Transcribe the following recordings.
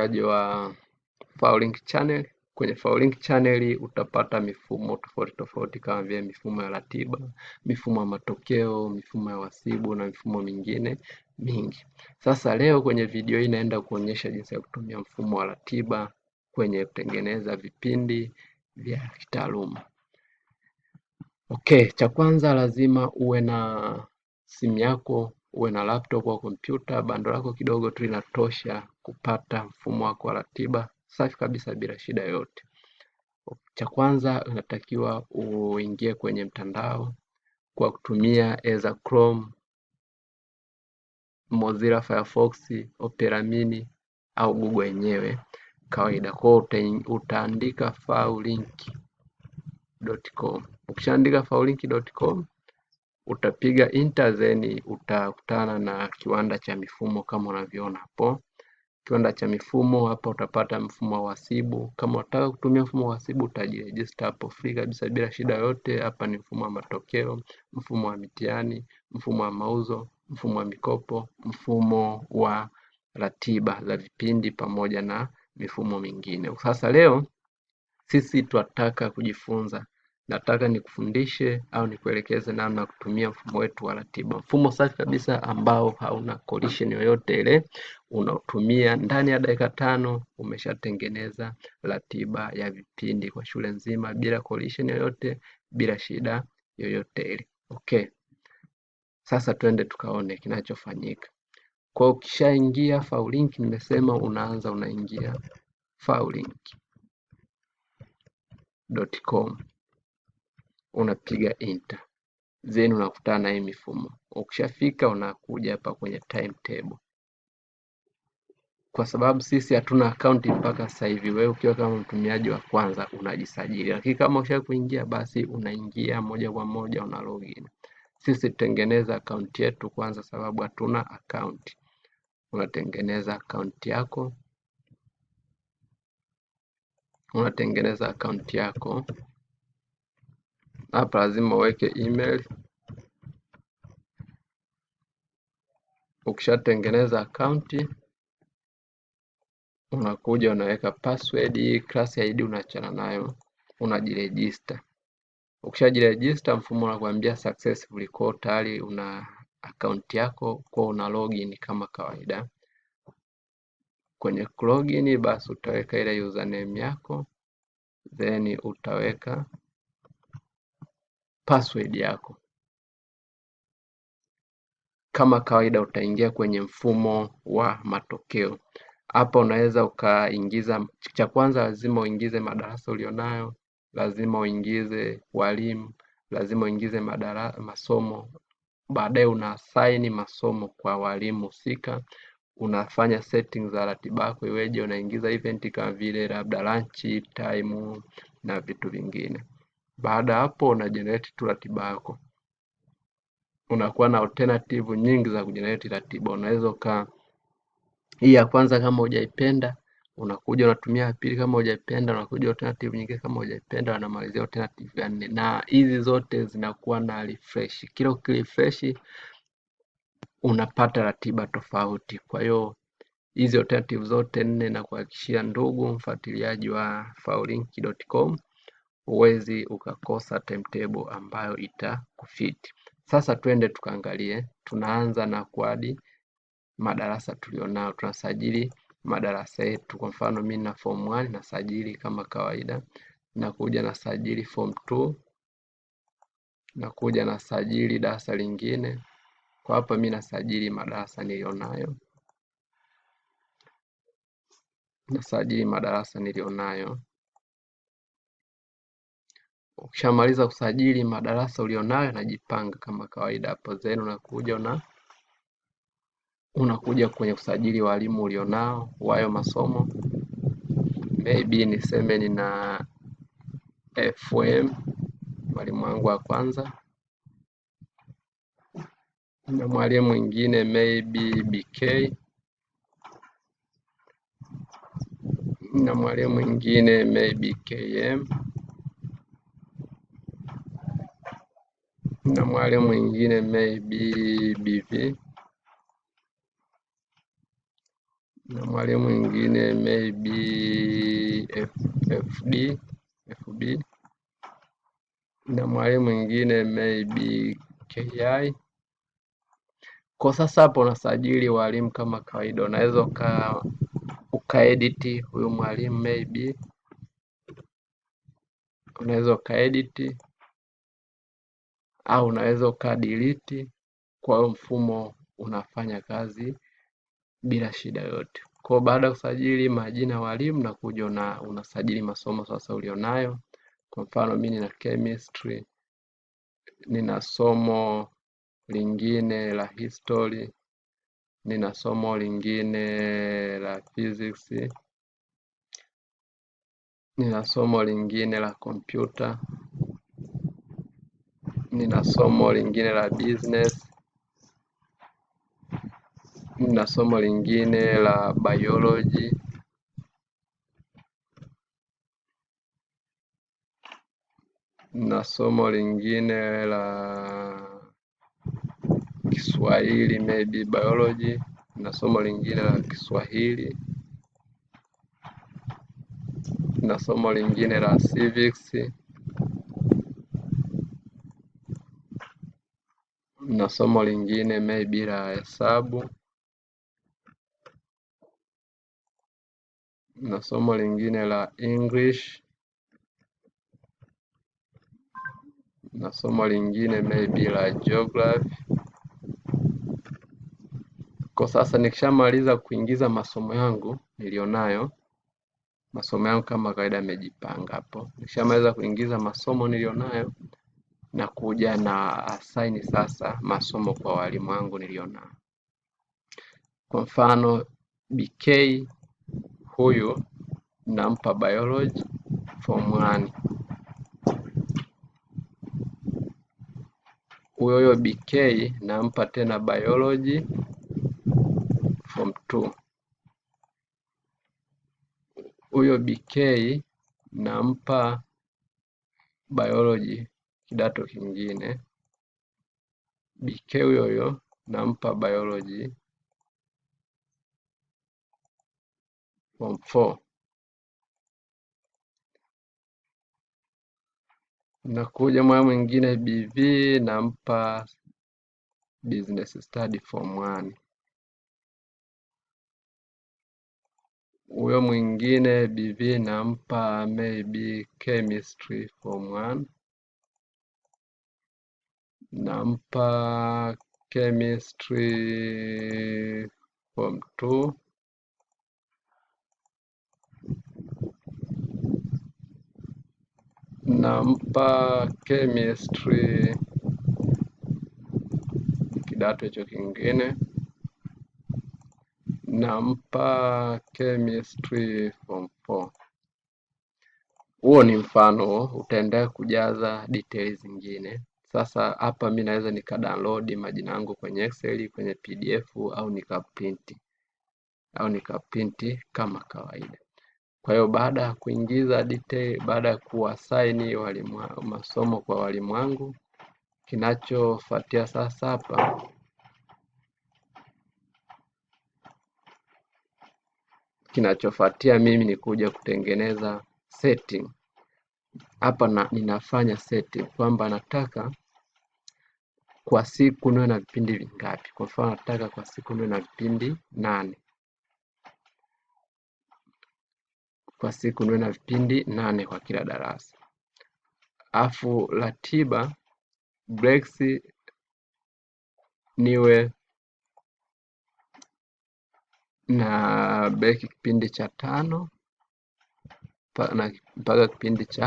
utafutaji wa Faulink channel. Kwenye Faulink channel utapata mifumo tofauti tofauti kama vile mifumo ya ratiba, mifumo ya matokeo, mifumo ya wasibu na mifumo mingine mingi. Sasa leo kwenye video hii naenda kuonyesha jinsi ya kutumia mfumo wa ratiba kwenye kutengeneza vipindi vya kitaaluma. Okay, cha kwanza lazima uwe na simu yako uwe na laptop au kompyuta, bando lako kidogo tu linatosha kupata mfumo wako wa ratiba safi kabisa bila shida yoyote. Cha kwanza unatakiwa uingie kwenye mtandao kwa kutumia either Chrome, Mozilla Firefox, Opera Mini au Google yenyewe kawaida. Kwa utaandika faulink.com. Ukishaandika faulink.com Utapiga enter then utakutana na kiwanda cha mifumo kama unavyoona hapo. Kiwanda cha mifumo hapa utapata mfumo wa wasibu. Kama unataka kutumia mfumo wa wasibu utajiregister hapo free kabisa bila shida yoyote. Hapa ni mfumo wa matokeo, mfumo wa mitihani, mfumo wa mauzo, mfumo wa mikopo, mfumo wa ratiba za vipindi pamoja na mifumo mingine. Sasa leo sisi tunataka kujifunza nataka nikufundishe au nikuelekeze namna ya kutumia mfumo wetu wa ratiba, mfumo safi kabisa ambao hauna collision yoyote ile. Unaotumia ndani ya dakika tano umeshatengeneza ratiba ya vipindi kwa shule nzima bila collision yoyote, bila shida yoyote ile. Okay, sasa twende tukaone kinachofanyika. Kwa hiyo ukishaingia Faulink, nimesema unaanza unaingia faulink.com unapiga enter then unakutana na hii mifumo. Ukishafika unakuja hapa kwenye timetable. Kwa sababu sisi hatuna akaunti mpaka sasa hivi, wewe ukiwa kama mtumiaji wa kwanza unajisajili, lakini kama ushakuingia kuingia, basi unaingia moja kwa moja una login. Sisi tutengeneza akaunti yetu kwanza, sababu hatuna akaunti. Unatengeneza akaunti yako, unatengeneza akaunti yako hapa lazima uweke email. Ukishatengeneza akaunti unakuja unaweka password hii, class ID unaachana nayo, unajirejista. Ukishajirejista mfumo unakuambia successfully, kwa tayari una akaunti yako, kwa una login kama kawaida. Kwenye login basi utaweka ile username yako then utaweka password yako. Kama kawaida utaingia kwenye mfumo wa matokeo. Hapa unaweza ukaingiza, cha kwanza lazima uingize madarasa ulionayo, lazima uingize walimu, lazima uingize madara, masomo. Baadaye unaasaini masomo kwa walimu husika. Unafanya setting za ratiba yako iweje, unaingiza event kama vile labda lunch time na vitu vingine. Baada hapo una generate tu ratiba yako, unakuwa na alternative nyingi za kujenereti ratiba. Unaweza ka hii ya kwanza kama hujaipenda unakuja unatumia ya pili kama hujaipenda, unakuja alternative nyingine kama hujaipenda, unamalizia alternative ya nne, na hizi zote zinakuwa na refresh. Kila ukirefresh unapata ratiba tofauti. Kwa hiyo hizi alternative zote nne na kuhakikishia, ndugu mfuatiliaji wa faulink.com, huwezi ukakosa timetable ambayo itakufiti. Sasa twende tukaangalie, tunaanza na kuadi madarasa tulionao, tunasajili madarasa yetu. Kwa mfano mimi na form 1 nasajili kama kawaida, nakuja sajili form 2, na sajili darasa lingine. Kwa hapa mimi nasajili madarasa nilionayo, nasajili madarasa nilionayo Ukishamaliza kusajili madarasa ulionayo, najipanga kama kawaida hapo zenu, unakuja una unakuja kwenye usajili walimu ulionao wayo masomo. Maybe niseme nina fm mwalimu wangu wa kwanza na mwalimu mwingine maybe BK na mwalimu mwingine maybe KM na mwalimu mwingine maybe BV na mwalimu mwingine maybe FD FB na mwalimu mwingine maybe KI. Kwa sasa hapo unasajili walimu kama kawaida, unaweza uka ukaediti huyu mwalimu maybe, unaweza ukaediti au unaweza ukadiliti. Kwa hiyo mfumo unafanya kazi bila shida yoyote. Kwa baada ya kusajili majina walimu na kuja na unasajili masomo sasa ulionayo. Kwa mfano mimi nina chemistry, nina somo lingine la history, nina somo lingine la physics, nina somo lingine la kompyuta nina somo lingine la business, nina somo lingine la biology na somo lingine la Kiswahili maybe biology na somo lingine la Kiswahili na somo lingine la civics na somo lingine mei bila hesabu na somo lingine la English na somo lingine mei bila geography. Kwa sasa nikishamaliza kuingiza masomo yangu nilionayo, masomo yangu kama kawaida yamejipanga hapo. Nikishamaliza kuingiza masomo nilionayo na kuja na asaini sasa masomo kwa walimu wangu niliona. Kwa mfano BK huyu nampa biology form 1 huyo huyo BK nampa tena biology form 2 huyo BK nampa biology kidato kingine. BK huyohuyo nampa biology form 4 nakuja mwaya mwingine BV nampa business study form 1. Huyo mwingine BV nampa maybe chemistry form 1 nampa chemistry form 2 nampa chemistry kidato hicho kingine, nampa chemistry form 4. Huo ni mfano, utaendelea kujaza details zingine. Sasa hapa mi naweza nika download majina yangu kwenye Excel, kwenye PDF au nikaprinti au nikaprinti kama kawaida. Kwa hiyo baada ya kuingiza detail, baada ya kuwasaini walimu masomo kwa walimu wangu, kinachofuatia sasa hapa kinachofuatia mimi ni kuja kutengeneza setting hapa na, ninafanya setting kwamba nataka kwa siku niwe na vipindi vingapi. Kwa mfano nataka kwa siku niwe na vipindi nane. Kwa siku niwe na vipindi nane kwa kila darasa. Afu ratiba breaks niwe na breki kipindi cha tano mpaka kipindi cha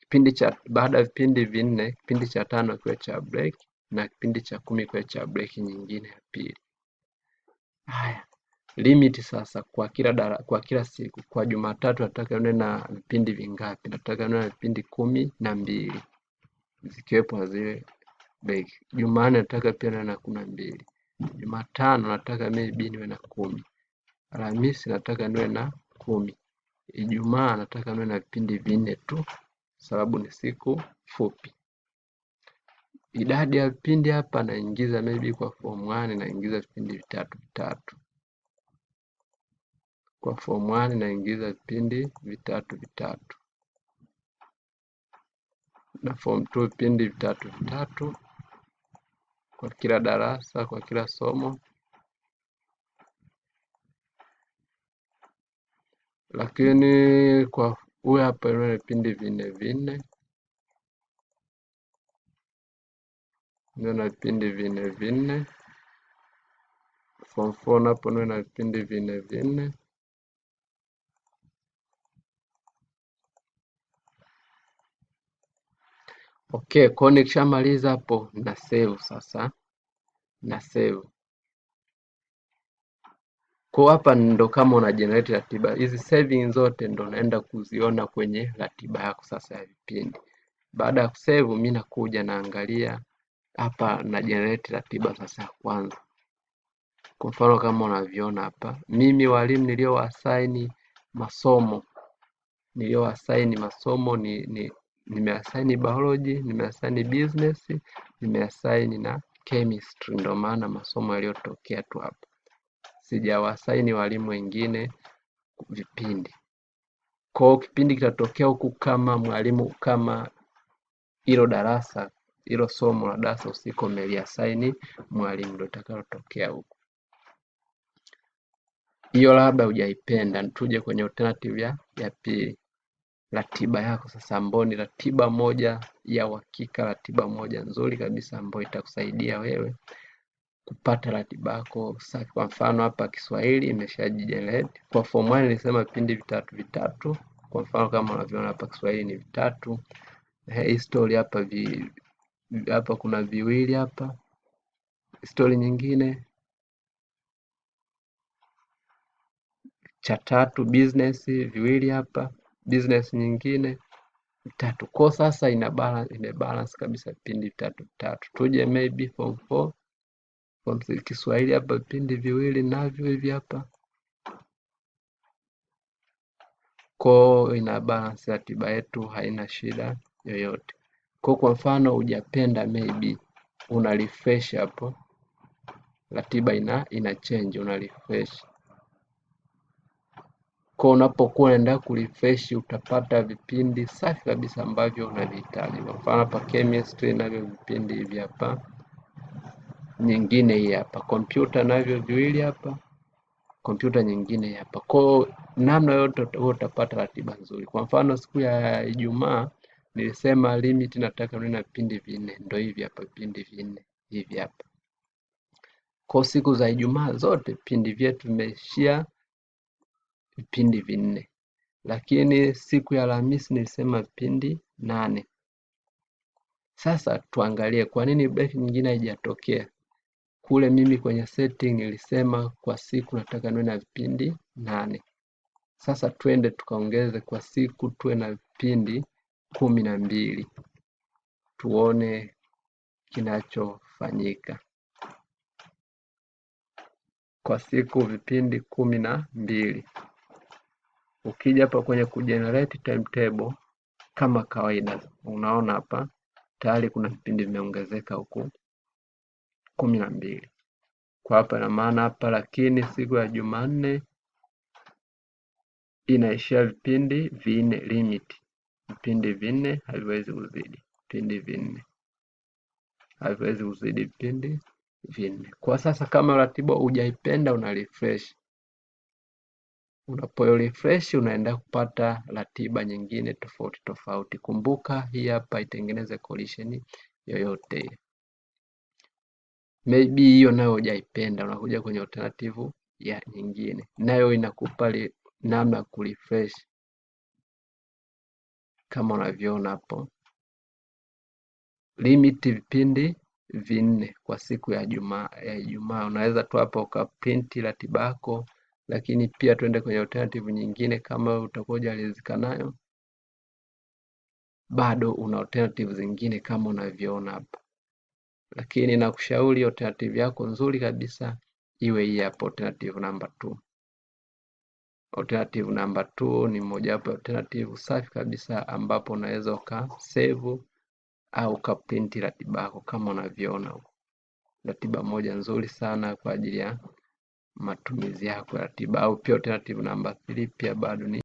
kipindi cha baada ya vipindi vinne, kipindi cha tano kiwe cha break, na kipindi cha kumi kwa cha breki nyingine ya pili. Haya, limit sasa kwa kila dara, kwa kila siku kwa Jumatatu nataka niwe na vipindi vingapi? Nataka niwe na vipindi kumi na mbili zikiwepo zile breki. Jumanne nataka pia niwe na kumi na mbili. Jumatano nataka maybe niwe na kumi. Alhamisi nataka niwe na kumi. Ijumaa nataka niwe na vipindi vinne tu, sababu ni siku fupi idadi ya vipindi hapa naingiza maybe kwa form 1 naingiza vipindi vitatu vitatu kwa form 1 naingiza vipindi vitatu vitatu na form 2 vipindi vitatu vitatu kwa kila darasa, kwa kila somo. Lakini kwa huyu hapa ile vipindi vinne vinne niwe na vipindi vinne vinne. Form 4 napo niwe na vipindi vinne vinne. Okay, kwa nikishamaliza hapo na save sasa, na save kwa hapa ndo kama una generate ratiba hizi. Saving zote ndo naenda kuziona kwenye ratiba yako sasa ya vipindi. Baada ya kusave, mi nakuja naangalia hapa na generate ratiba sasa ya kwanza. Kwa mfano kama unavyoona hapa, mimi walimu niliowasaini masomo niliowasaini masomo ni, ni nimeasaini biology, nimeasaini business, nimeasaini na chemistry. Ndio maana masomo yaliyotokea tu hapa, sijawasaini walimu wengine vipindi. Kwa kipindi kitatokea huku kama mwalimu kama hilo darasa hilo somo la darasa husika umeliasaini mwalimu, ndio utakalotokea huko. Hiyo labda hujaipenda, tuje kwenye alternative ya, ya pili, ratiba yako sasa, ambayo ni ratiba moja ya uhakika, ratiba moja nzuri kabisa ambayo itakusaidia wewe kupata ratiba yako safi. Kwa mfano hapa Kiswahili imeshajigenerate kwa form 1 nilisema vipindi vitatu vitatu. Kwa mfano kama unavyoona hapa Kiswahili ni vitatu, history hapa vi hapa kuna viwili hapa, stori nyingine cha tatu business viwili hapa, business nyingine tatu. Kwa sasa ina balance, ina balance kabisa vipindi vitatu tatu Tuje maybe form four form Kiswahili hapa vipindi viwili navyo hivi hapa koo, ina balance ratiba yetu, haina shida yoyote. Kwa kwa mfano hujapenda maybe una refresh hapo, ratiba ina ina change, una refresh kwa unapokuwa unaenda refresh utapata vipindi safi kabisa ambavyo unavihitaji. Kwa mfano hapa chemistry navyo vipindi hivi hapa, nyingine hii hapa kompyuta navyo viwili hapa, kompyuta nyingine hapa. Kwa namna yote utapata ratiba nzuri. Kwa mfano siku ya Ijumaa Nilisema limit nataka niwe na vipindi vinne, ndio hivi hapa vipindi vinne hivi hapa. Kwa siku za Ijumaa zote vipindi vyetu vimeishia vipindi vinne, lakini siku ya Alhamisi nilisema vipindi nane. Sasa tuangalie kwa nini break nyingine haijatokea. Kule mimi kwenye setting nilisema kwa siku nataka niwe na vipindi nane. Sasa twende tukaongeze kwa siku tuwe na vipindi kumi na mbili tuone kinachofanyika kwa siku vipindi kumi na mbili. Ukija hapa kwenye kujenerate timetable kama kawaida, unaona hapa tayari kuna vipindi vimeongezeka huku kumi na mbili kwa hapa na maana hapa, lakini siku ya Jumanne inaishia vipindi vinne limit vipindi vinne haviwezi kuzidi vipindi vinne haviwezi kuzidi vipindi vinne. Kwa sasa kama ratiba hujaipenda una refresh. Unapo refresh unaenda kupata ratiba nyingine tofauti tofauti. Kumbuka hii hapa itengeneze collision yoyote. Maybe hiyo nayo hujaipenda, unakuja kwenye alternative ya nyingine, nayo inakupa namna ya kurefresh kama unavyoona hapo. Limit vipindi vinne kwa siku ya Ijumaa. Unaweza tu hapa ukaprinti ratiba yako, lakini pia tuende kwenye alternative nyingine kama utakoja alizikanayo, bado una alternative zingine kama unavyoona hapa, lakini nakushauri alternative yako nzuri kabisa iwe hii hapo, alternative namba two. Alternative number two ni mojawapo alternative safi kabisa, ambapo unaweza ukasave au ukaprinti ratiba yako kama unavyoona huko. Ratiba moja nzuri sana kwa ajili ya matumizi yako ratiba, au pia alternative number three pia bado ni